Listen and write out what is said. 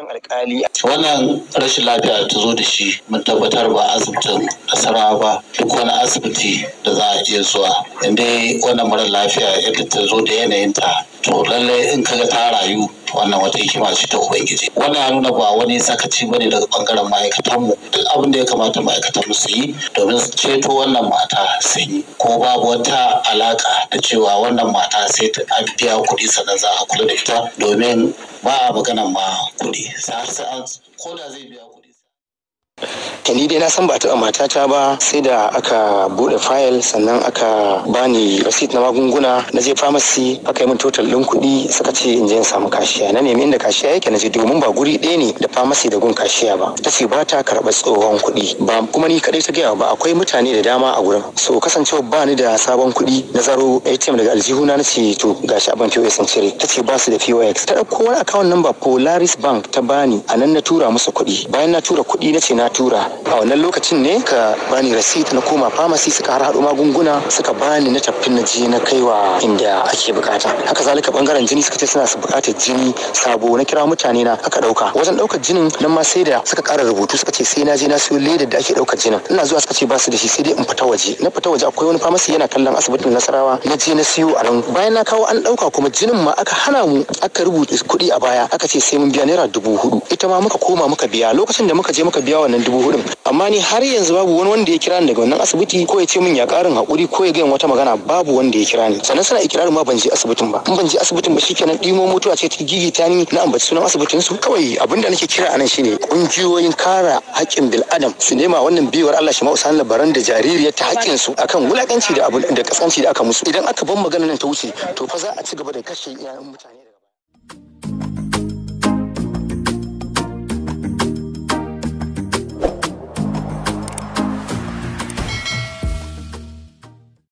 wajen alkali. Wannan rashin lafiya ta zo da shi mun tabbatar ba asibitin nasara ba duk wani asibiti da za a je zuwa. Inda wannan mara lafiya yadda ta zo da yanayinta to lallai in kaga ta rayu wannan wata hikima ce ta ubangiji wannan ya nuna ba wani sakaci bane daga bangaren ma'aikatan mu duk abin da ya kamata ma'aikatan mu su yi domin su ceto wannan mata sun yi ko babu wata alaka da cewa wannan mata sai ta biya kuɗi sannan za a kula da ita domin ba a maganan ma kuɗi sai ko da zai biya kuɗi ta ni dai na san ba taɓa matata ba sai da aka bude fayil sannan aka bani receipt na magunguna na je pharmacy aka yi min total ɗin kuɗi suka ce in je in samu kashiya na nemi inda kashiya yake na je domin ba guri ɗaya ne da pharmacy da gun kashiya ba ta ce ba ta karɓar tsohon kuɗi ba kuma ni kaɗai ta gaya ba akwai mutane da dama a gurin so kasancewa ba ni da sabon kuɗi na zaro ATM daga aljihuna na ce to gashi abin POS in cire ta ce ba su da POS ta ɗauko wani account number Polaris Bank ta bani a nan na tura musu kuɗi bayan na tura kuɗi na ce na tura a wannan lokacin ne ka bani receipt na koma pharmacy suka har haɗo magunguna suka bani na tafin na je na kaiwa inda ake bukata haka zalika bangaren jini suka ce suna su bukatar jini sabo na kira mutane na aka dauka wajen daukar jinin nan ma sai da suka kara rubutu suka ce sai na je na siyo leda da ake daukar jinin ina zuwa suka ce ba su da shi sai dai in fita waje na fita waje akwai wani pharmacy yana kallon asibitin nasarawa na je na siyo a nan bayan na kawo an dauka kuma jinin ma aka hana mu aka rubuta kuɗi a baya aka ce sai mun biya naira dubu hudu ita ma muka koma muka biya lokacin da muka je muka biya wannan dubu hudun amma ni har yanzu babu wani wanda ya kira ni daga wannan asibiti ko ya ce min ya karin hakuri ko ya gayan wata magana babu wanda ya kira ni sannan suna ikirarin ma ban je asibitin ba in ban je asibitin ba shikenan dimo mutuwa ce ta gigita ni na ambaci sunan asibitin su kawai abinda nake kira anan shine kungiyoyin kara haƙƙin bil adam su nema wannan biwar Allah shi ma'usan labaran da jaririyar ta haƙƙin su akan wulakanci da abin da kasanci da aka musu idan aka ban magana nan ta wuce to fa za a ci gaba da kashe iyayen mutane